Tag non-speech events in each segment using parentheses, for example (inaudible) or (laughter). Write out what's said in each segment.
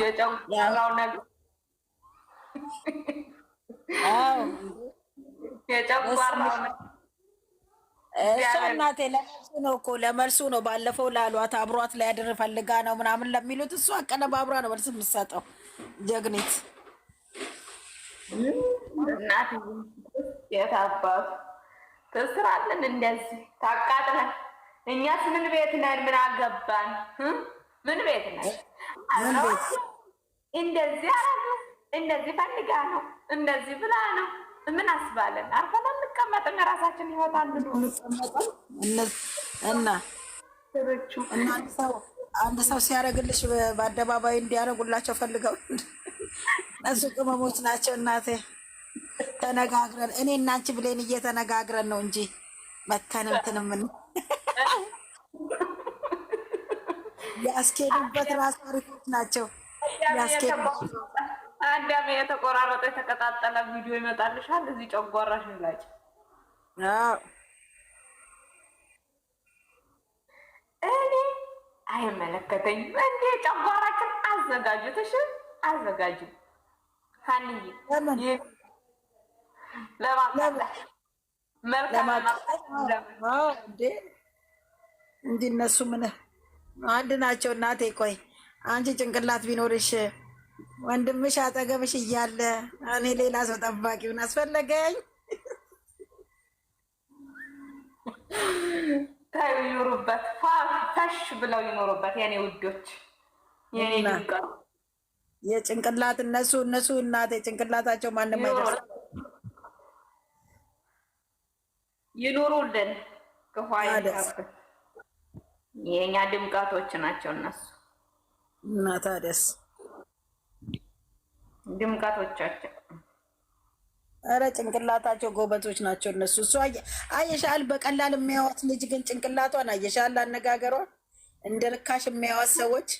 የጨጓራው ነገር እናቴ ለመልሱ ነው እኮ ለመልሱ ነው። ባለፈው ላሏት አብሯት ሊያድር ፈልጋ ነው ምናምን ለሚሉት አቀነባብራ ነው መልስ የምትሰጠው። ጀግኒት የታባቱ ትስራለን እንደዚህ ታቃጥለን። እኛስ ምን ቤት ነን? ምን አገባን? ምን ቤት ነን? እንደዚህ አረጉ፣ እንደዚህ ፈልጋ ነው፣ እንደዚህ ብላ ነው። ምን አስባለን? አርፈን አንቀመጥም። የራሳችን ህይወት አንዱ እና አንድ ሰው ሲያደርግልሽ በአደባባይ እንዲያደርጉላቸው ፈልገው እነሱ ቅመሞች ናቸው። እናቴ ተነጋግረን እኔ እናንቺ ብሌን እየተነጋግረን ነው እንጂ መተንንትን ምን ያስኬዱበት ራስ ታሪኮች ናቸው። አንዳሜ የተቆራረጠ የተቀጣጠለ ቪዲዮ ይመጣልሻል። እዚህ ጨጓራሽ ላጭ እኔ አይመለከተኝም። እንዴ ጨጓራችን አዘጋጁት፣ እሺ አዘጋጁ። ሀኒዬ ለማጣላሽ እንዲነሱ ምንህ አንድ ናቸው እናቴ። ቆይ አንቺ ጭንቅላት ቢኖርሽ ወንድምሽ አጠገብሽ እያለ እኔ ሌላ ሰው ጠባቂውን አስፈለገኝ። ታዩ ይኖሩበት ታሽ ብለው ይኖሩበት። የኔ ውዶች፣ የኔ የጭንቅላት እነሱ እነሱ እናቴ ጭንቅላታቸው ማንም አይደርስ ይኖሩልን ከኋላ የኛ ድምቀቶች ናቸው እነሱ። እና ታዲያስ ድምቀቶቻቸው እረ ጭንቅላታቸው ጎበዞች ናቸው እነሱ። እሱ አየሻል፣ በቀላል የሚያዋት ልጅ ግን ጭንቅላቷን አየሻል፣ አነጋገሯ እንደ ርካሽ የሚያዋት ሰዎች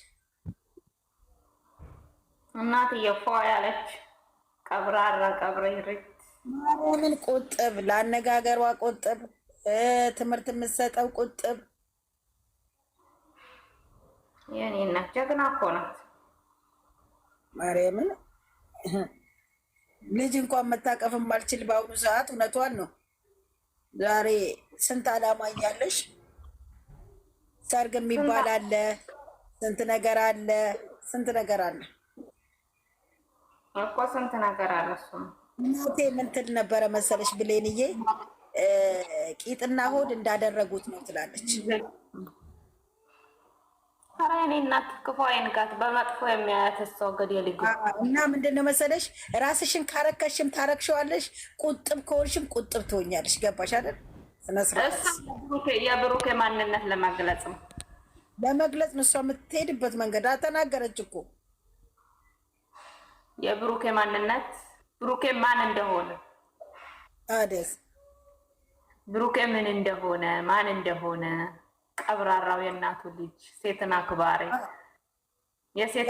እናትዬ ፏ ያለች ቀብራራ ቀብሬሪት ምን ቁጥብ፣ ለአነጋገሯ ቁጥብ፣ ትምህርት የምትሰጠው ቁጥብ የኔ እናት ጀግና እኮ ናት። ማርያምን (clears throat) ልጅ እንኳን መታቀፍ ማልችል በአሁኑ ሰዓት እውነቷን ነው። ዛሬ ስንት አላማ እያለሽ ሰርግ የሚባል አለ፣ ስንት ነገር አለ፣ ስንት ነገር አለ እኮ ስንት ነገር አለ። እናቴ ምን ትል ነበረ መሰለሽ ብሌንዬ ቂጥና ሆድ እንዳደረጉት ነው ትላለች። ኧረ እኔ እናት ክፉ አይንካት፣ በመጥፎ የሚያያት ሰው እንግዲህ ልዩ እና ምንድን ነው መሰለሽ፣ ራስሽን ካረከሽም ታረክሸዋለሽ፣ ቁጥብ ከሆንሽም ቁጥብ ትሆኛለሽ። ገባሽ አይደል? የብሩኬ ማንነት ለመግለጽ ነው ለመግለጽ ነው። እሷ የምትሄድበት መንገድ አልተናገረች እኮ የብሩኬ ማንነት ብሩኬ ማን እንደሆነ አደስ ብሩኬ ምን እንደሆነ ማን እንደሆነ ቀብራራው የእናቱ ልጅ ሴትን አክባሪ የሴት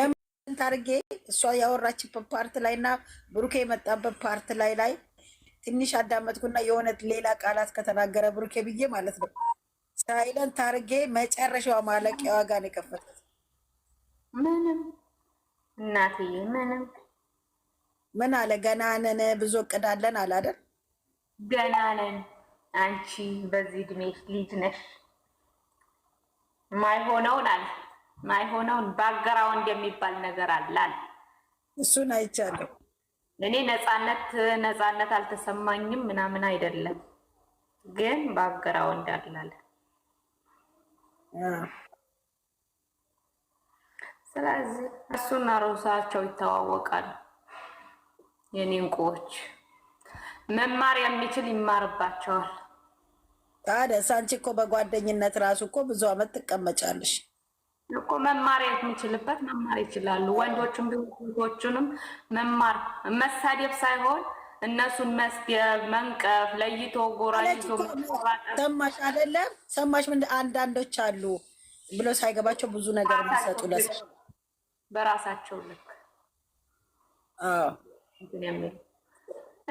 ታርጌ እሷ ያወራችበት ፓርት ላይ እና ብሩኬ የመጣበት ፓርት ላይ ላይ ትንሽ አዳመጥኩና የሆነ ሌላ ቃላት ከተናገረ ብሩኬ ብዬ ማለት ነው። ሳይለንት ታርጌ መጨረሻዋ ማለቂያዋ ጋር ነው ምንም እናትዬ ምንም ምን አለ? ገና ነን ብዙ እቅዳለን አለ ገና ነን። አንቺ በዚህ እድሜ ልጅ ነሽ ማይሆነውን አለ ማይሆነውን ባግራውንድ የሚባል ነገር አላል አለ። እሱን አይቻለሁ እኔ ነፃነት ነፃነት አልተሰማኝም ምናምን አይደለም፣ ግን ባግራውንድ አለ ስለዚህ እሱና ሮሳቸው ይተዋወቃሉ። የኔ እንቁዎች መማር የሚችል ይማርባቸዋል። ታዲያ ሳንቺ እኮ በጓደኝነት ራሱ እኮ ብዙ አመት ትቀመጫለሽ እኮ መማር የምችልበት መማር ይችላሉ። ወንዶቹም ቢሆን መማር መሳደብ ሳይሆን እነሱን መስደብ፣ መንቀፍ፣ ለይቶ ጎራይቶ ይዞ ሰማሽ አይደለም ሰማሽ። ምን አንዳንዶች አሉ ብሎ ሳይገባቸው ብዙ ነገር የሚሰጡ ለሰ በራሳቸው ልክ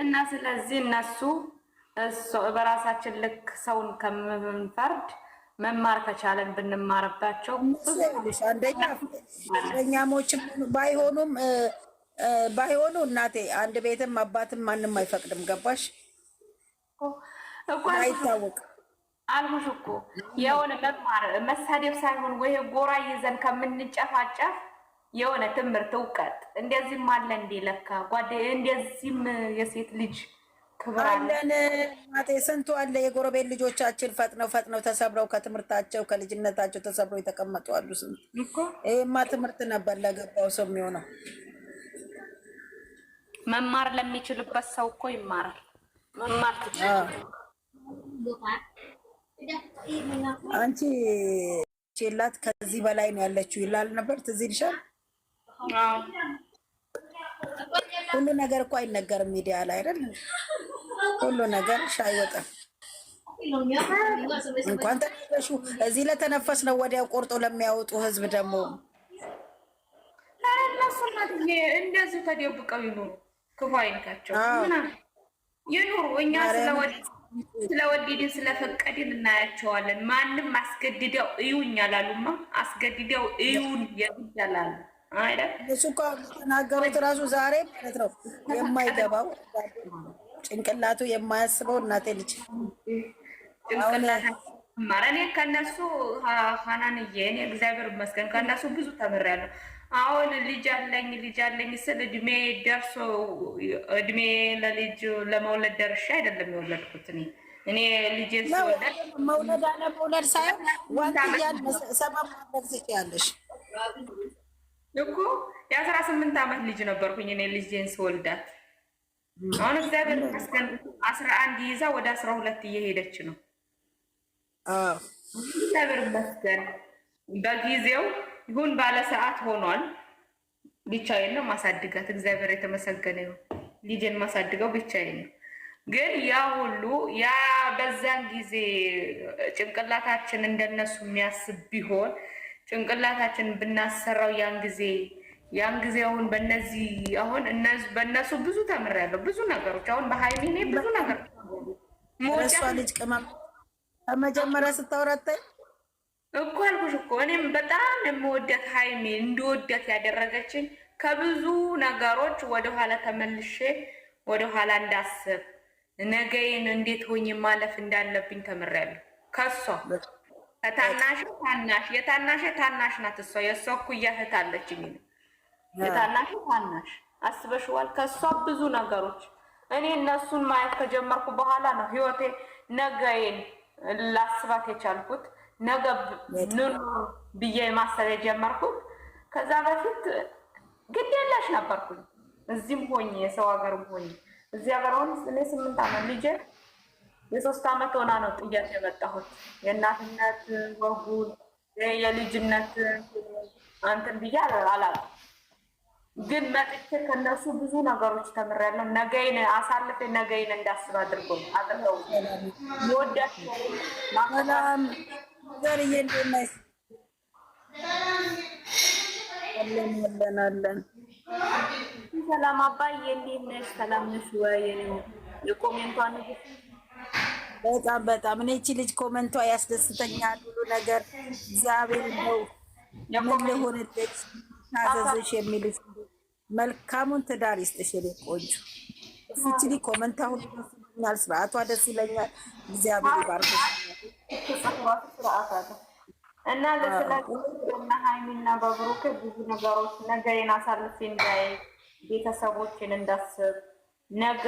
እና ስለዚህ እነሱ እሱ በራሳችን ልክ ሰውን ከምንፈርድ መማር ከቻለን ብንማርባቸው አንደኛ አንደኛሞችም ባይሆኑም ባይሆኑ እናቴ አንድ ቤትም አባትም ማንም አይፈቅድም። ገባሽ አይታወቅ አልሁሽ እኮ የሆነ መማር መሳደብ ሳይሆን ወይ ጎራ ይዘን ከምንጨፋጨፍ የሆነ ትምህርት እውቀት እንደዚህም አለ እንዴ ለካ ጓደ እንደዚህም የሴት ልጅ አለን ማቴ ስንቱ አለ። የጎረቤት ልጆቻችን ፈጥነው ፈጥነው ተሰብረው ከትምህርታቸው ከልጅነታቸው ተሰብረው የተቀመጡ አሉ። ስንቱ ይህማ ትምህርት ነበር ለገባው ሰው የሚሆነው። መማር ለሚችልበት ሰው እኮ ይማራል። መማር አንቺ ላት ከዚህ በላይ ነው ያለችው ይላል ነበር። ትዝ ይልሻል። ሁሉ ነገር እኮ አይነገርም ሚዲያ ላይ አይደል? ሁሉ ነገር አይወጣም። እንኳን ተነፈሹ እዚህ ለተነፈስ ነው ወዲያው ቆርጦ ለሚያወጡ ህዝብ ደግሞ እንደዚህ ተደብቀው ይኖሩ ክፉ አይነካቸው ይኑሩ። እኛ ስለወደድን ስለፈቀድን እናያቸዋለን። ማንም አስገድደው እዩኝ አላሉማ። አስገድደው እዩን የግድ አላሉ። እሱ እኮ ተናገሩት ራሱ ዛሬ ማለት ነው የማይገባው ጭንቅላቱ የማያስበው እናቴ ልጅ እኔ ከነሱ ሀናንዬ እኔ እግዚአብሔር ይመስገን ከነሱ ብዙ ተምሬያለሁ። አሁን ልጅ አለኝ ልጅ አለኝ ስል እድሜ ደርሶ እድሜ ለልጅ ለመውለድ ደርሻ አይደለም የወለድኩት እኔ እኔ ልጄን ስወለድ መውለድ ሳይሆን እኮ የአስራ ስምንት ዓመት ልጅ ነበርኩኝ እኔ ልጅን ስወልዳት አሁን እግዚአብሔር ይመስገን አስራ አንድ ይዛ ወደ አስራ ሁለት እየሄደች ነው። እግዚአብሔር ይመስገን በጊዜው ይሁን ባለ ሰዓት ሆኗል። ብቻዬን ነው ማሳድጋት። እግዚአብሔር የተመሰገነ ይሁን። ልጄን ማሳድገው ብቻዬን ነው። ግን ያ ሁሉ ያ በዛን ጊዜ ጭንቅላታችን እንደነሱ የሚያስብ ቢሆን ጭንቅላታችን ብናሰራው ያን ጊዜ ያን ጊዜ አሁን በነዚህ አሁን በእነሱ ብዙ ተምሬያለሁ። ብዙ ነገሮች አሁን በሀይሚ እኔ ብዙ ነገር እሷ ልጅ ቅመም ከመጀመሪያ ስታወራታይ እኮ አልኩሽ እኮ እኔም በጣም የምወደት ሀይሚ እንድወደት ያደረገችኝ ከብዙ ነገሮች ወደኋላ ተመልሼ ወደኋላ እንዳስብ ነገዬን እንዴት ሆኜ ማለፍ እንዳለብኝ ተምሬያለሁ ከሷ ከታናሽ ታናሽ የታናሽ ታናሽ ናት እሷ የእሷ እኩያ እህት አለችኝ ነው የታናሽ ታናሽ አስበሽዋል። ከእሷ ብዙ ነገሮች እኔ እነሱን ማየት ከጀመርኩ በኋላ ነው ህይወቴ ነገዬን ላስባት የቻልኩት ነገ ኑሮ ብዬ ማሰብ የጀመርኩት። ከዛ በፊት ግድ የለሽ ነበርኩኝ። እዚህም ሆኝ የሰው ሀገርም ሆኝ እዚህ ሀገር ሆን እኔ ስምንት ዓመት ልጄ የሶስት ዓመት ሆና ነው ጥያት የመጣሁት የእናትነት ወጉን የልጅነት አንትን ብዬ አላውቅም። ግን መጥቼ ከነሱ ብዙ ነገሮች ተምሬያለሁ። ነገይን አሳልፌ ነገይን እንዳስብ አድርጎ አድርገው ወዳሰላም ዘርዬ እንደናይ አለን አለን አለን። ሰላም አባዬ እንዴት ነሽ? ሰላም ነሽ ወይ? የኮሜንቷ ንግስ በጣም በጣም እኔ ይቺ ልጅ ኮመንቷ ያስደስተኛል። ሁሉ ነገር እግዚአብሔር ነው። ምን ልሆንልሽ ታዘዝሽ የሚልሽ መልካሙን ትዳር ይስጥሽ የኔ ቆንጆ። ፍችሊ ኮመንት አሁን ይመስለኛል፣ ስርዓቷ ደስ ይለኛል። እግዚአብሔር ይባርክሽ እና ለስለ ሀይሚና በብሩክ ብዙ ነገሮች ነገሬን አሳልፌ እንዳይ ቤተሰቦችን እንዳስብ ነገ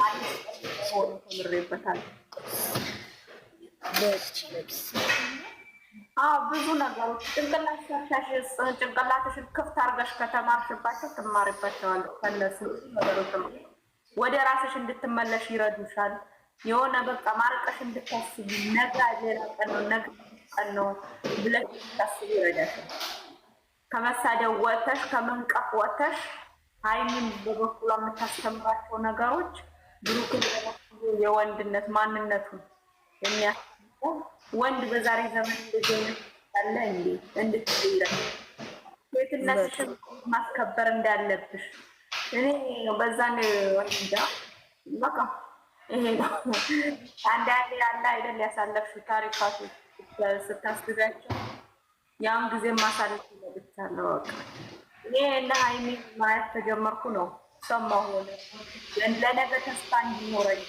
ማለት ሆኖ ተምሬበታል። አዎ ብዙ ነገሮች ጭንቅላትሽን ክፍት አድርገሽ ከተማርሽባቸው ትማሪባቸዋለሽ። ከነሱ ነገሮች ወደ ራስሽ እንድትመለሽ ይረዱሻል። የሆነ በቃ ማርቀሽ እንድታስቢ ነገ ሌላ ቀን ነው ነገ ቀን ነው ብለሽ እንድታስቢ ይረዳሻል። ከመሳደብ ወተሽ ከመንቀፍ ወተሽ ሀይሚን በበኩሏ የምታስተምራቸው ነገሮች ብሩክ የወንድነት ማንነቱን የሚያስ ወንድ በዛሬ ዘመን እንደዚህ ያለ እንዴ እንድትይራ ሴትነትሽን ማስከበር እንዳለብሽ እኔ በዛን ወንዳ በቃ ይሄ ነው። አንዳንዴ ያለ አይደል ያሳለፍሽ ታሪካቱ ስታስብያቸው ያን ጊዜ ማሳለፍ ይመልቻለሁ። በቃ እኔ እና ሀይሚ ማየት ተጀመርኩ ነው ሰማ ለነገ ተስፋ እንዲኖረኝ